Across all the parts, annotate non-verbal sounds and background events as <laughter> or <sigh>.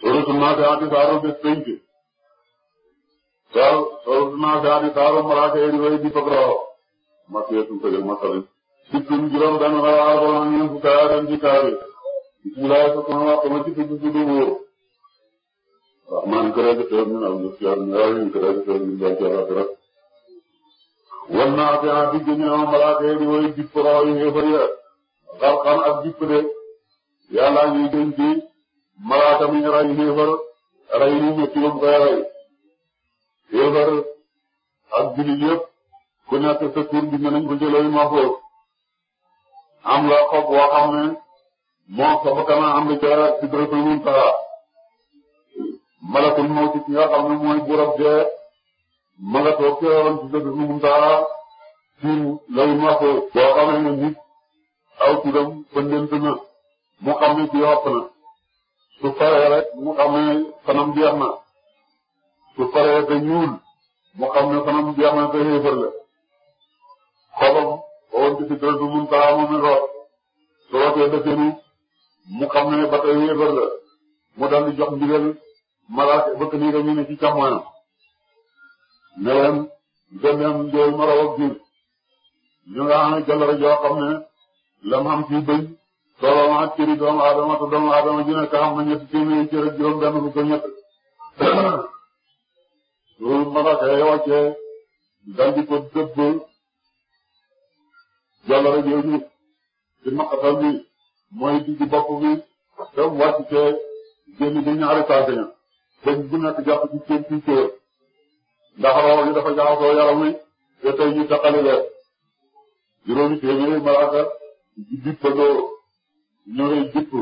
sooratuna fi ati saaro bés penc saaro sooratuna fi ati saaro malaaka yi di way di fakroo maseetu sajal masalin sittun juróom benn wala arba'a ñeent fukk ak ñeent ci kaabe bismillah sotona waxtu ma ci tudd tudd wóor rahman kërëg tër min al musiyar min rahim kërëg tër min bàyyi ala kërëg wal naa fi ati gëñëw malaaka yi di way di fakroo yi xéefar ya xarxan ak jipp de yàlla ñuy gën ci malaaka mi ray yéefar ray yi ñetti yam koy ray yéefar ak jullit ku nekk sa tur bi nañ ko jëlooy mahfuus am la xob woo xam ne moom am la jarak ci dërëtul mun taxa malakul mawti ki nga xam ne mooy burab dee ma nga toog ci yoon ci dërëtul mun taxa ci lay mahfuus mu xam ci yopp su paree rek mu xam ne fanam jeex na su ta te ñuul mu xam ne fanam jeex na te xéefar la xobam woon ci sidratu muntaha moom it root su rootee mu xam ba tey xéefar la mu dal jox ndigal malaaka bëkk nii dañu ci càmmoñam ne leen gënneem jooy maraw ak biir ñu nga xam ne jàllale lam xam ci bëñ tolloo ma ak cëri doomu aadama doomu aadama ji nekk am na ñetti téeméeri cër ak juróom benn bu ko ñett loolu malaaka ya wàccee dal di ko dëbb jàll rek yow ñu ci maqatal bi mooy digg bopp bi te wàcc te génn di ñaari saase ña bëñ bu nekk jàpp ci cër ci cër ndax roxo gi dafa jaxasoo yaram wi te tey ñu taqali leen juróomi téeméeri malaaka di dippadoo ñoo koy jubbu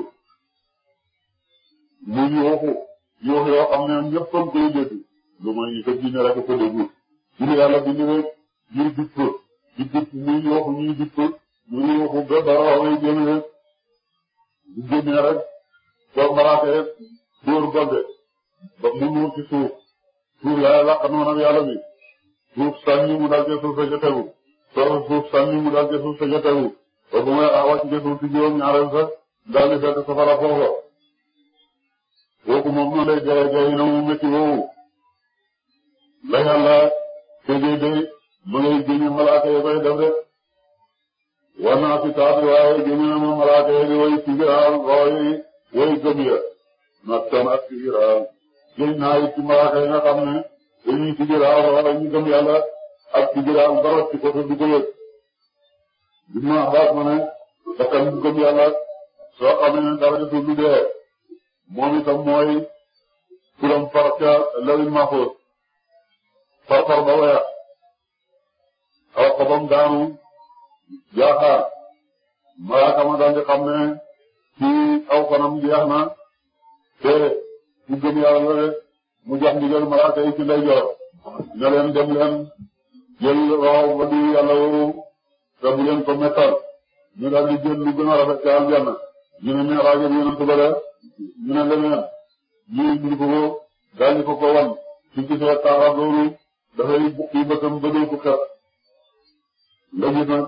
muy yooxu yooxu yoo xam ne ñëpp a koy lu mooy ñu ko diine rek a ko déglu. jur yàlla bind rek ñuy jubbu di jubbu muy yooxu ñuy jubbu muy yooxu ba dara way génn rek di génne rek soo maraate rek dóor golde ba mu nuur ci suuf suuf yàlla laq noonam yàlla bi suuf sànni mu dal ci suuf sa jotegu soo suuf sànni mu dal ci suuf sa jotegu ba bu may wàcc nga suuf si juróom ñaareel sa daal di fekk safara foofa kooku moom noonu lay jaay jaay na mu métti woowu la yàlla tëjee day ma ngay génne malaaka ya koy def rek war naa si taat waaye génne na ma malaaka ya di woy sigiraal woy woy gëm ya nattan ak sigiraal génn naa it ci malaaka yi nga xam ne dañuy sigiraal woy ñu gëm yàlla ak sigiraal dara ci côté du ko yëg Ibnu Abbaas ma ne bakkan bu gëm yàlla soo xam ne dara desul lu dee moom itam mooy turam far ca lawil mahfuz far far ba weex aw xobam daanu jaaxaar malaaka ma daal di xam ne fii aw fanam jeex na te ku gëm yàlla la rek mu jox ndigal malaaka yi ci joor ne leen dem leen jël roow ba di yàlla te bu leen ko mettal ñu daal di jël lu gën a rafet ci aljanna ñu ne miiraaj ak yonent ba la ñu ne leneen ñu indi ko ko daal ko ko wan su gisee taara loolu dafay kii bëtam bëdoo ko xeet nga gis nag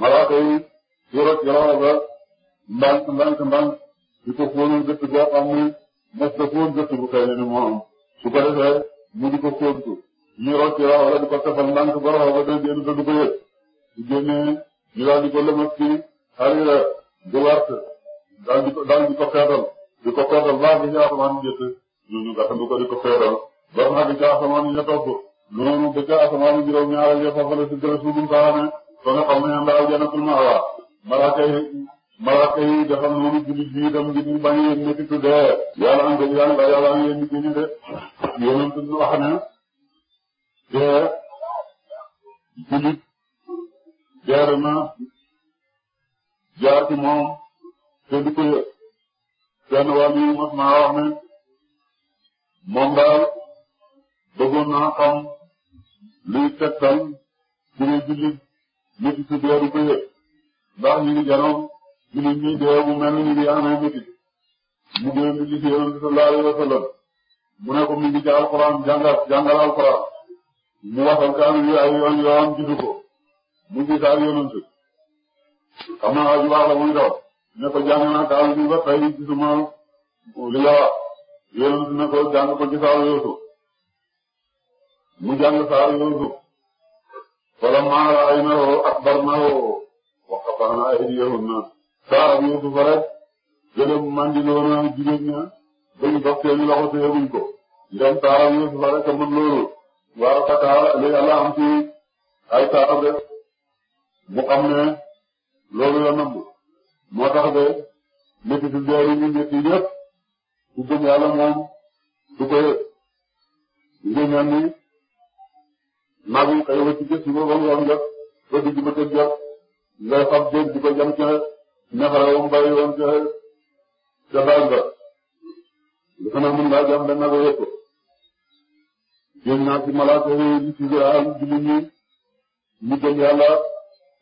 malaaka yi su rot yàlla ba ndànk ndànk ndànk di ko fóonul gëtt goo xam ne mos na fóon gëtt bu xëy ni moo su ko defee mu di ko fóontu ñu rot yàlla di ko tefal ndànk ba raxaw ba dégg yéen a dugg bu génnee ñu daal di ko lëmas ci xarira bu wàtt daal di ko daal di ko feetal di ko feetal baax bi ci asamaan njëkk ñooñu gàttandu ko di ko feetal ba nga xam ne ci asamaan yi nga topp noonu ba ca asamaan juróom-ñaareel ya foofu la si gën a suufum saxane ba nga xam ne yàlla daal jannatul ma'wa malaaka yi malaaka yi dafa noonu jullit bi itam ngir ñu bañ a yëg métti tuddee yàlla am dëgg yàlla yàlla am yéen nit ñi de yéen a ngi tudd wax ne te jullit jaar na jaar ci moom te du ko yëg kenn wàll yi mos naa moom daal bëggoon naa xam luy tegtal ci ne jullit métti si dee ndax ñu ngi janoom jullit ñi dee mu mel ni ñu ngi amee métti mu dee mu gis yonent sallallahu alayhi wa sallam mu ne ko mu ngi ci alquran jàngal jàngal alquran mu waxal kaanu yi ay yoon yoon gisu ko mu gis ak yonent xam aju baax la muy daw ko jàng naa kaaw bi ba tey ko jàng ko ci saaru mu jàng saaru Yuusuf falammaa ra'aynahu akbarnahu wa qatta'naa aydiyahunna saaru Yuusuf rek gëlëm mandiloona jigéen ña bañ dox seeni loxo te yëguñ ko ndem saaru Yuusuf rek a mën loolu war a fataal li Yàlla am ci ay saaru rek mu xam ne loolu la nëbb moo tax ba métti ci doole ñu métti yëpp ku gëm yàlla moom du ko yëg ngeen ñaan ni magu kay wëcc ci suba ba mu yom jot ba digg ba tëj jot ngay fab jën di ko jam ca nefare wam bàyyi ca ca baag ba dafa ne mën ngaa jam dana ko yëg ko jën naa ci malaaka yi ci Israël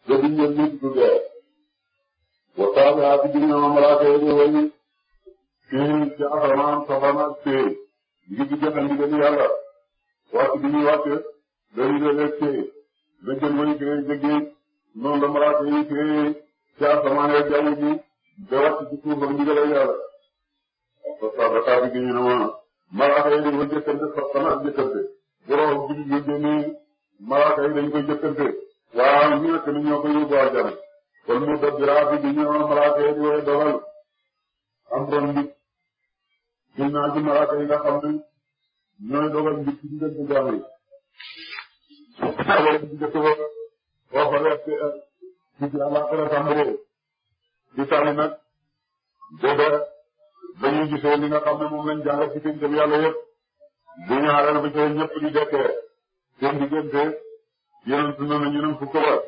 te duñ leen mujj du dee wa taabi'aati ginnaaw malaaka yi ñu way fii ci asamaan safaan ak tey ngir di joxe ndigal yàlla waxtu bi ñuy wàcc dañu leen ak tey la jël way créé jëggee noonu la malaaka yi créé ci asamaan ak jaww ji ba wàcc ci suuf ak ndigal yàlla wa taabi'aati ginnaaw malaaka yi dañ koy jëkkante safaan ak jëkkante bu rox bi ñu génnee malaaka yi dañ koy jëkkante waaw ñi nga xam ne ñoo ko yóbbu àjjana kon mu dëkk bi raadu bi ñu ne malaaka yi ñooy dogal am doon nit gis naa ci malaaka yi nga xam ne ñooy dogal nit ci diggante jaam yi. wala ci dëkk ba boo ko def ci ci àllaaxira tàmbalee di tànn nag booba dañuy gisee li nga xam ne moom lañ jàngal ci kër yàlla yëpp bu ñaareel ba ci ñëpp di dekkee seen diggante. yéen su ne ne ñu ne fukki waat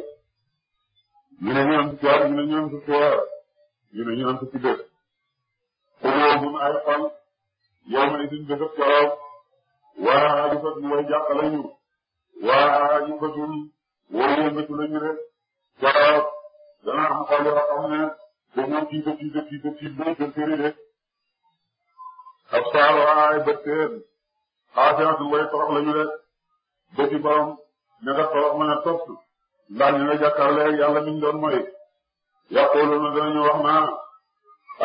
ñu ne ñu ne fukki waat ñu ne ñu ne fukki waat ñu ne ñu ne fukki bés. xulóomun ay xol yow ma itin dëgëb keroog waa aadifatun way jàq lañu waa aadifatun way yëngatu lañu rek keroog dana am xol yoo xam ne dañoo tiit a tiit a tiit a tiit bay gëstëri rek. ab saar waa ay bët teen xaasiatun way torox lañu rek bëti borom na nga toog mën a topp ndax ñu nga jàkkaarloo yàlla mi ñu doon mooy yaquluna danañu wax naa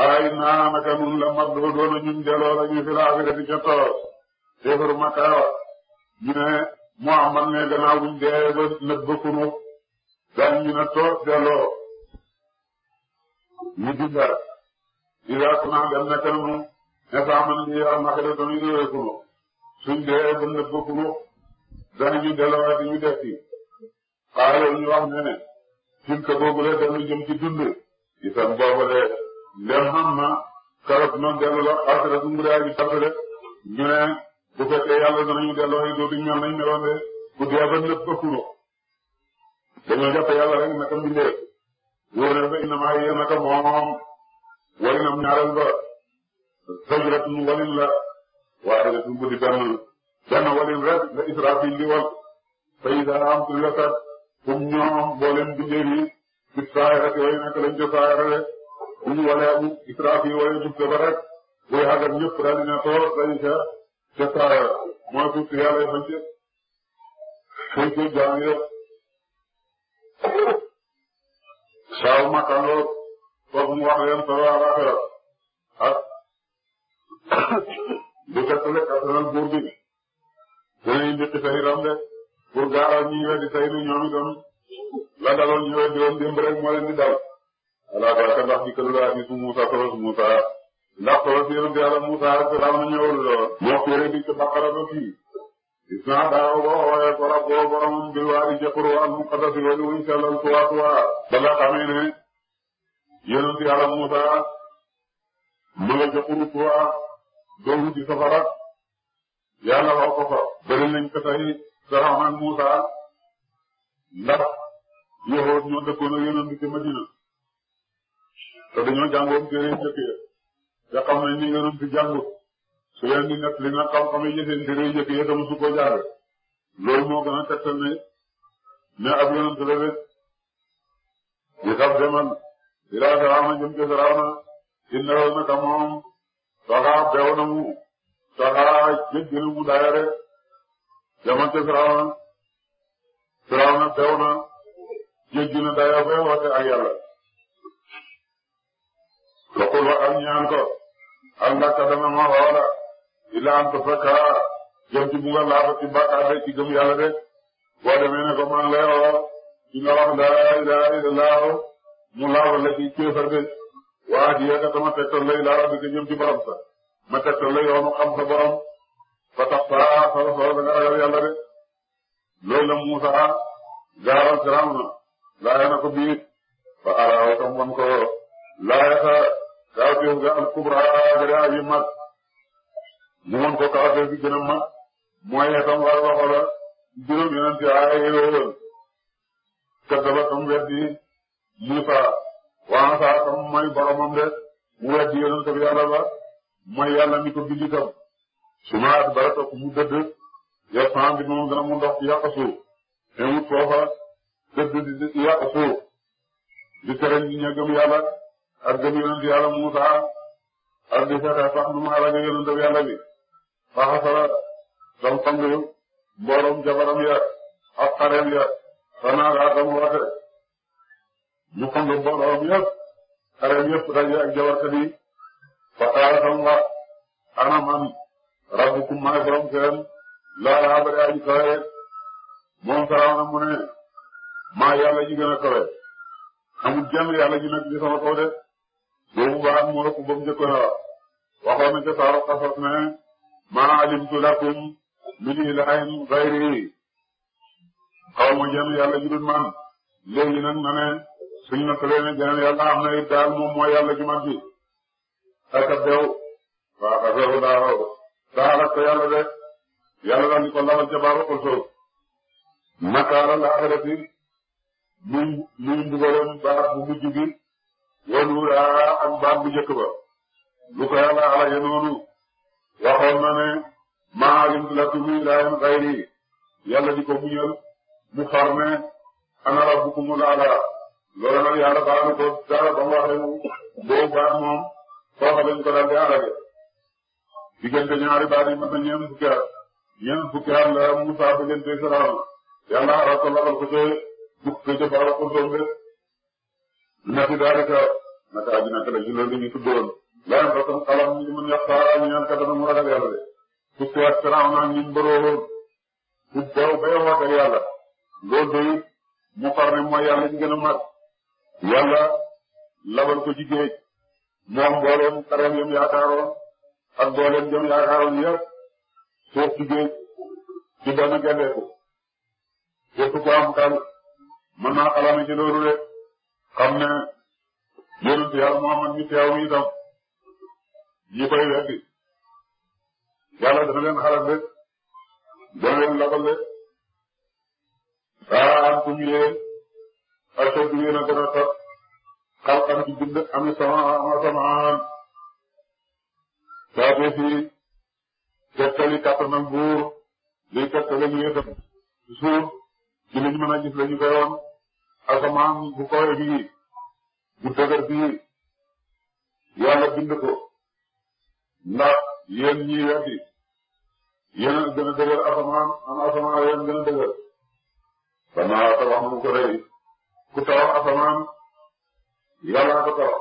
aray naa naka nun la mat doo doona ñun delloo la ñu fi laaxirati ca toor teefaru makaawa ñu ne Muhammad ne gannaaw buñ dee ba nëb ba kunu daan ñu ne toor delloo ñu dinda idaa kunaa dem naka nun ne faaman li yaa makada doon yi dee kunu suñ dee ba nëb ba kunu danañu delluwaat ñu def ci xaaral ñu wax ne ne tilka boobu la dellu jëm ci dund itam boobu de ndem xam na karot na dellu la asra su mbudaay bi sant de ñu ne bu fekkee yàlla danañu delloo yi dootuñu mel nañ meloon de bu dee ba nëpp ba kuro dañoo jàpp yàlla rek naka mbindee wóor na fa innamaa yee naka moom walinam ñaareel ba sajratun walin la waaye dafa guddi benn benn walin rek la Israfil di wal fa ida am tu yasat um ñoom mboolem bindéef yi di saayara si way nekk lañ ca saayara rek um walee bu Israfil walee duf ba rek buy xagat ñëpp daal dina toor dañu ca ca saayara mooy suuf si yàlla y fañ ca fañ ca jaan yëpp saaw makkanoo foofu mu wax leen sawa raxera ak <coughs> di fekk lekk asanal buur bi danañ njëkk say ram de pour gaaral ñi weddi say nu ñoom itam la daloon ñu weddi woon démb moo leen di dal ala baraka ndax di këlu laa gisu Moussa solos Moussa ndax solos yéen di yàlla Moussa salaam na ñëwul lool moo xéere di ci baqara ba fii gis naa daaw boo xoolee barab boo boromam bil waa di jëppur waan mu xadas yi wadi wuñ sellal tuwaa tuwaa ba nga xamee ne yonent yàlla Moussa ma nga jëppur tuwaa doomu ci safara yàlla wax ko fa bëri nañ ko tey Firawna ak Muusa ndax yowoot ñoo dëkkoon ak yonent bi ci Madina te dañoo jàngoon téere jëkk ya te xam nañ ni yonent bi jàngut su leen di nekk li xam yi seen téere jëkk ya dama su jaare loolu moo gën a tegtal ne ne ab yonent la rek di tax demal ilaa Firawna jëm ci Firawna innahu naka na mu taxaa jéggil wu daaya rek jamante Firawna Firawna bew na jéggi na daaya bay woote ak yàlla loxul waxal ñaan ko allaka dana ma woola ila an tafakka jëm ci bu nga laaba ci bàkkaar rek ci gëm yàlla rek boo demee ne ko man lay woo ci nga wax laa ilaha illallah mu laaba la ci kéefar de waa ji yàgg dama tegtal lay laaba di ko jëm ci borom ma tegtal la yoonu xam sa borom fa tax saa solo solo da nga ragal yàlla de loolu la Moussa gaaral Firawna laaya na ko biir fa araaw tam wan ko laaya sa kaafeef ga al kubra gëre aji mag mu wan ko kaafeef gi gën a mag mooy tam war a waxola juróom yeneen ci aaya yooyoon kaddaba tam weddi Moussa waa saa tam mooy boromam de mu weddi yeneen tabi yàlla ba mooy yàlla mi ko bind itam su ma laata dara topp mu dëdd yow temps bi moom dana mu ndox ci yàq suuf te wut foofa dëdd di ci yàq suuf di tere ñi ña gëm yàlla ak gëm yonent yàlla Muusa ak di fexe sax nu mu xalaatee yonent yàlla bi. faxasara dam sang mboorom jabaram ya ak xareem ya xanaa daa dam woote mu sang mboorom yëpp xareem yëpp daje ak jabarkat yi Fataala sama mbar ana man rabbukum may borom seen laala abare aji kawe moom Firawna mu ne maa yàlla ji gën a kawe amul jenn yàlla ji nag di sama kaw de boobu ba am moo ëpp ba mu njëkkoon a waxoon na ca saaru xasas ne maa alimtu lakum min ilahin xayri xaw ma jenn yàlla ji dul man léegi nag na ne suñ na tëlee ne jeneen yàlla am na it daal moom mooy yàlla ji man ci ak ab dew waaw ak weeru daaw daaw ak yàlla de yàlla daal di ko lamal ca baaru xol soow makaara la axirati muy bu mujj gi wanu daa ak baax bu njëkk lu ko yàlla alage noonu waxoon maalim lakum ilaahan xayri yàlla di mu far ana rabbukumul ala loolu nag yàlla baax ko dara ba mu waxee boobu foofa lañ ko daal di arrêté diggante ñaari baat yi mën na ñeent fukki at fukki at la am Musaa diggante Firawna yàlla arab ko ko ca bukk ko ca barab ko doon def na fi daalika naka aji naka la ci loolu ñu tuddoon layam fa sam xalam mën yaxtaara ñu ñaan ka dana mu ragal yàlla de fukki at Firawna ñu mbëroo fu daw bay wootal yàlla loolu doyut mu far ne mooy yàlla ci gën a mag yàlla ko ci moom mboolem karam yam yaakaaroon ak mboolem yam yaakaaroon yëpp suuf ci géej ci benn gendeeku képp ku am xel mën naa xalaat ci loolu xam ne yonent yàlla Muhammad mi teew mi itam ñi koy weddi yàlla dana leen xalaat de dana leen labal de saa antum yéen ashaddu yéen a gën a sax xam-xam ci bind am na sama sama saa bee fi tegtali kattanam buur liy tegtali ñu mën a gis la ñu koy woon asamaan bu koy bii bu dëgër bii yàlla bind ko ndax yéen ñii weddi yéen a gën a dëgër asamaan am asamaan yéen gën a dëgër. damaa tabax mu ko rëy ku tabax asamaan. yàlla ko taw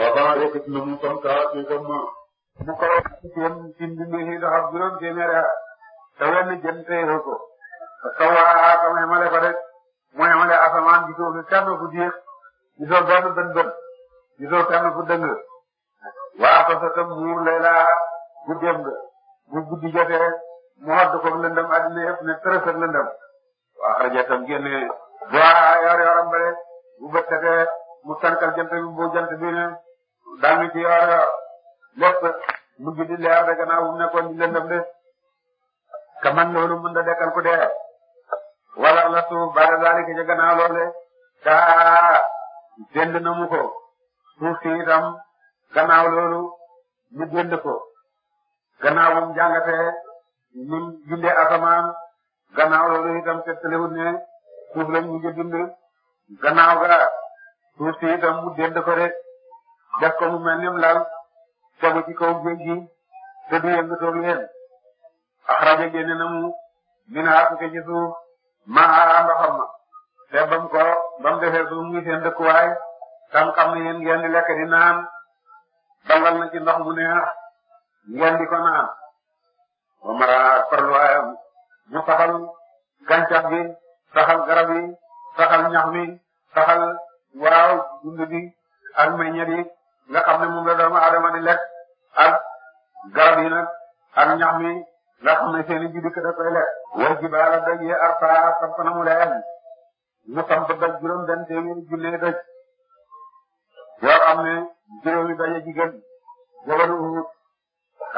rabbana yëkkati na mu tam kaa ci comme mu ko jëm ci mbind yi dafa juróom téeméeri at te wenn jëm téye ko sawaa ka mu yemale ko rek mu yemale asamaan gisoo ko kenn ku diir gisoo benn bën bën gisoo kenn ku dëng waa ko sa tam muur lay laa bu dem nga bu guddi jotee mu xadd ko lëndëm addina yëpp ne tërësëg lëndëm waa xarja tam génne waa yor yoram ba rek bu bët setee mu tànkal jant bi bu jant bi ne daal di ci yor lépp mujj di leer de gannaaw bu mu nekkoon de ka loolu mën da dekkal ku dee wala la suuf baada zalika ca gannaaw loole kaa dend na mu ko suuf itam gannaaw loolu ñu dend ko gannaaw moom jàngatee ñu bindee asamaan gannaaw loolu itam seetlu ne suuf lañ mujj bind gannaaw ga suuf si mu dend ko rek def ko mu mel ni mu lal tegu ci kaw géej gi te du yëngatoog leen axraja génne na mu minaa ko ci suuf maa ndoxam ma te bam ko bam defee suuf muy seen dëkkuwaay tam xam ne yéen lekk di naan dangal na ci ndox mu neex ngeen di ko naan wa mara ak farluwaayam ñu saxal gàncax gi saxal garab yi saxal ñax mi saxal waaw dund bi ak meññeet xam ne moom la doomu aadama di lekk ak garab yi nag ak ñax mi xam ne seen i ji dikk da koy lekk. wal jibaala daj yi mu leen mu samp daj juróom benn téeméeri junne daj yoo xam ne juróomi daj a jigéen jabaru Uhud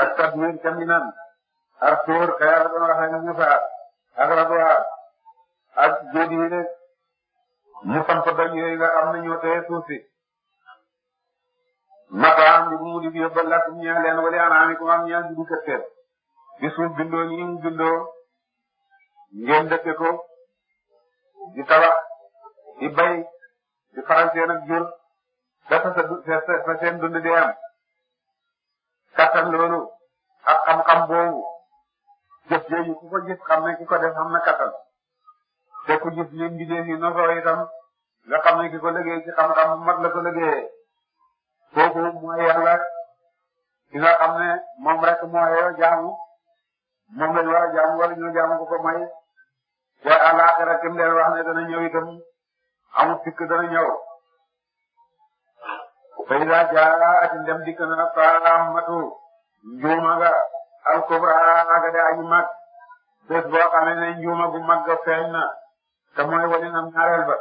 ak Tadmir ca Minan ak Tuur ka yàlla doon wax ak Musa ak Radwa ak Jéedi yi mu samp doj yooyu nga xam ne ñoo teye suuf si mataan bi mu di bi ba lakum ñeel leen wala anaamikum am ñeel di dugg seen suuf bindoo ñi mu bindoo ngeen dëkke ko di tabax di bay di faral ak jur dafa sa sa seen am kattan loolu ak xam-xam boobu jëf jooju ku ko gis xam ne ki ko def xam na kattan te ku gis ñun liggéey bi noosoo itam nga xam ne ki ko liggéey ci xam-xam bu mat la ko liggéeyee kooku mooy yàlla ki nga xam ne moom rek mooyoo jaamu moom lañ war a jaamu wala ñu jaamu ko ko may te àllaaxira kim leen wax ne dana ñëw itam amul sikk dana ñëw. fay daa jaa ati ndem dikk na faamatu njuuma nga al kubra ga de aji mag bés boo xamee ne njuuma gu mag feeñ na. te mooy wane na ñaareel ba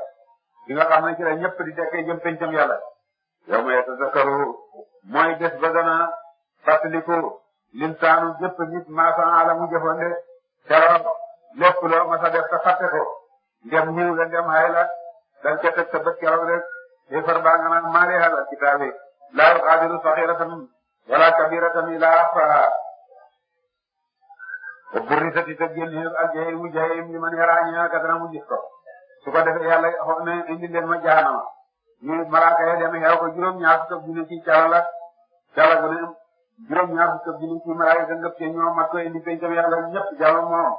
li nga xam ne ci la ñëpp di dekkee jëm pencam yàlla yow ma yatazakkaru mooy des ba dana fàttaliku linsaanu jëpp nit maasan ala mu jëfande keroog lépp loo mas a def te fàtte ko ndem ñëw la ndem hay la dal ca teg sa bët keroog rek te far baa nga naan maale ala kitaabi laa yuqaadiru saxiratan wala kabiratan ilaa ahsaha ba burri sa si sa génneeg ak jaay mu jaay mu a ràññee mu gis ko su ko defee yàlla xool na indi leen ma jaanama ñu malaaka ya dem xew ko juróom-ñaar fukk ak junni ci calala calala bu ne juróom-ñaar fukk ak junni ci malaaka ngëpp ci ñoom mat ko indi pencam yàlla ñëpp jàll moom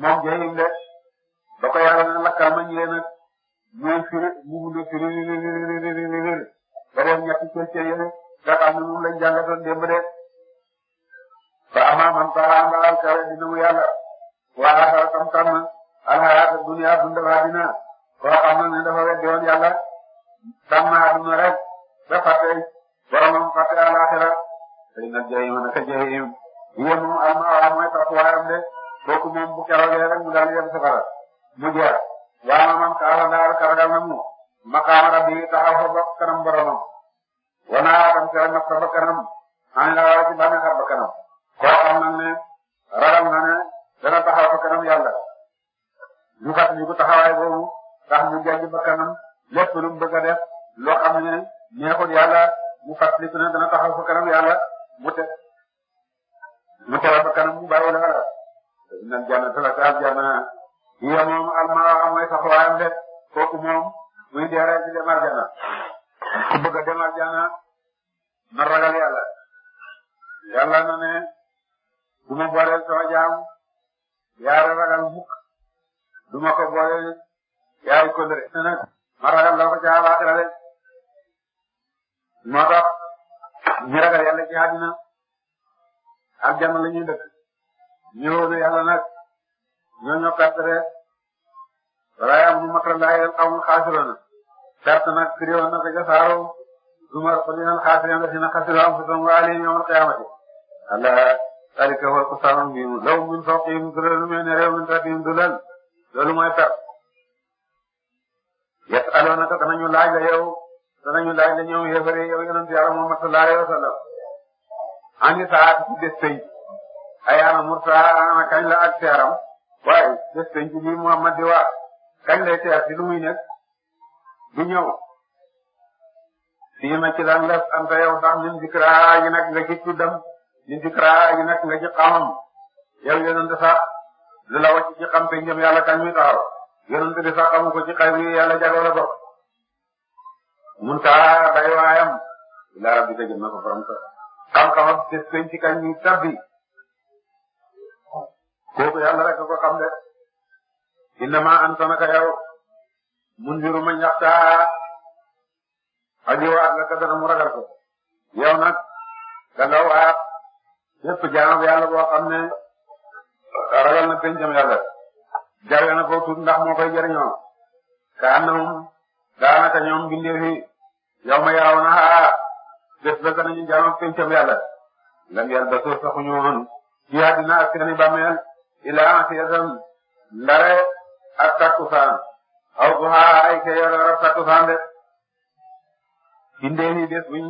moom jaayim de ba ko yàlla na lakkal ma ñëwee nag ñooy firi mu wund firi ba dem ñetti question yële nga xam ne moom lañ jàngatoon démb de fa amaa man taalaan baal kawe dinamu yàlla wala sa tam tànn alxayaata dunya dundal àddina koo xam ne dafa weddi woon yàlla tànn àddina rek ba fàtte boromam fàtte alaxira tey nag jahim naka jahim yéen moom almawaa mooy taxawaayam de kooku moom bu keroogee rek mu daal yem safara mu jeex waaw man kaasa daal karagal na mu maqaama rabbi taxaw fa ba kanam boromam wanaa tam sera nafsa ba kanam xanaa laa ci bànneexar ba kanam ko taxawaay boobu tax mu jàjj ba kanam lépp lu mu a def loo xam ne neexul yàlla mu fàttaliku ne dana taxaw fa kanam yàlla moo tax ñu ragal yàlla ci àddina ak jàmm la ñuy dëkk ñu wóolu yàlla nag ñoo ñoo perte rek balaa am mu makra laa yel xawul xaasiroona perte nag firiwoon na ko jasaaro zumar qulina xaasirin lasina xasiru anfusahum wa alayhim yawmal qiyaamati ala dalika huwal kusaanul mubiin lahum min fawqihim dhulalun min naarihim wa min tahtihim dhulal loolu mooy perte yas'aluunaka danañu laaj la yow danañu laaj la ñëw yéefare yow yonent yàlla Muhammad sallallahu alayhi wa sallam ani saat ci bés pénc ay ana murta ana kañ la ak teeram waaye bés pénc bi Muhammad di waa kañ lay teer ci lu muy nekk du ñëw ma ci lan la anta yow sax min zikraa yi nag nga ci tuddam min zikraa yi nag nga ci xamam yow yonent sax lu la wacc ci xam péncam yàlla kañ muy taxaw yonent bi sax xamu ko ci xay bi yàlla jagoo la bokk munta dayuwaayam ila rabbika jëm na ko borom sa xam-xamam des peñ ci kañ ñu tabbi kooku yàlla ko xam de innama anta naka yow munziru man yaxsha aji waat la ka dana mu ragal ko yow nag da nga waat yépp jaamu yàlla boo na ko tuut ndax moo koy jëriñoo daanaka ñoom bindee fi yow ma yaaw na ah bés ba danañu jàmm pencam yàlla lam yàlla ba soo saxuñu woon ci àddina ak seeni bàmmeel ilaa asiyatan ndare ak takkusaan aw bu xaa ay ke yàlla rab takkusaan de bindee fi bés buñ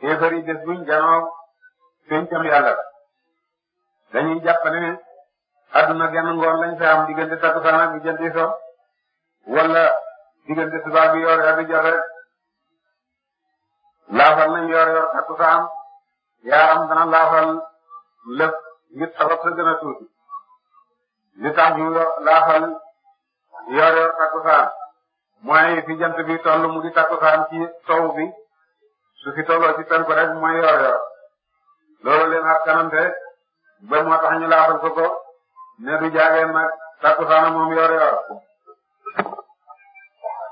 kéefar yi bés buñ janoo pencam yàlla dañuy jàpp ne àdduna genn ngoon lañ fa am diggante takkusaan ak diggante so wala diggante tubaab bi yor yor di joxe laafal nañ yor yor takkusaan yaaram dana laafal lëf ngir sabab sa gën a tuuti li tax ñu laafal yor yor takkusaan mooy fi jant bi toll mu di takkusaan ci sow bi su fi tolloo ci penku rek mooy yor yor loolu leen ak kanante ba moo tax ñu laafal ko ko ne du jaagee nag takkusaan moom yor yor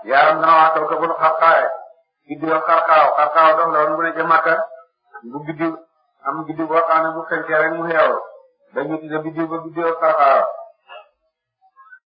yaaram dana waa kaw kabul xarxaaye giddiwa xarxaaw xarxaaw dox la woon bu ne ca Makka bu am biddiw boo xam ne bu fenkee rek mu xeew dañu tudde biddiw ba biddiwa xarxaaw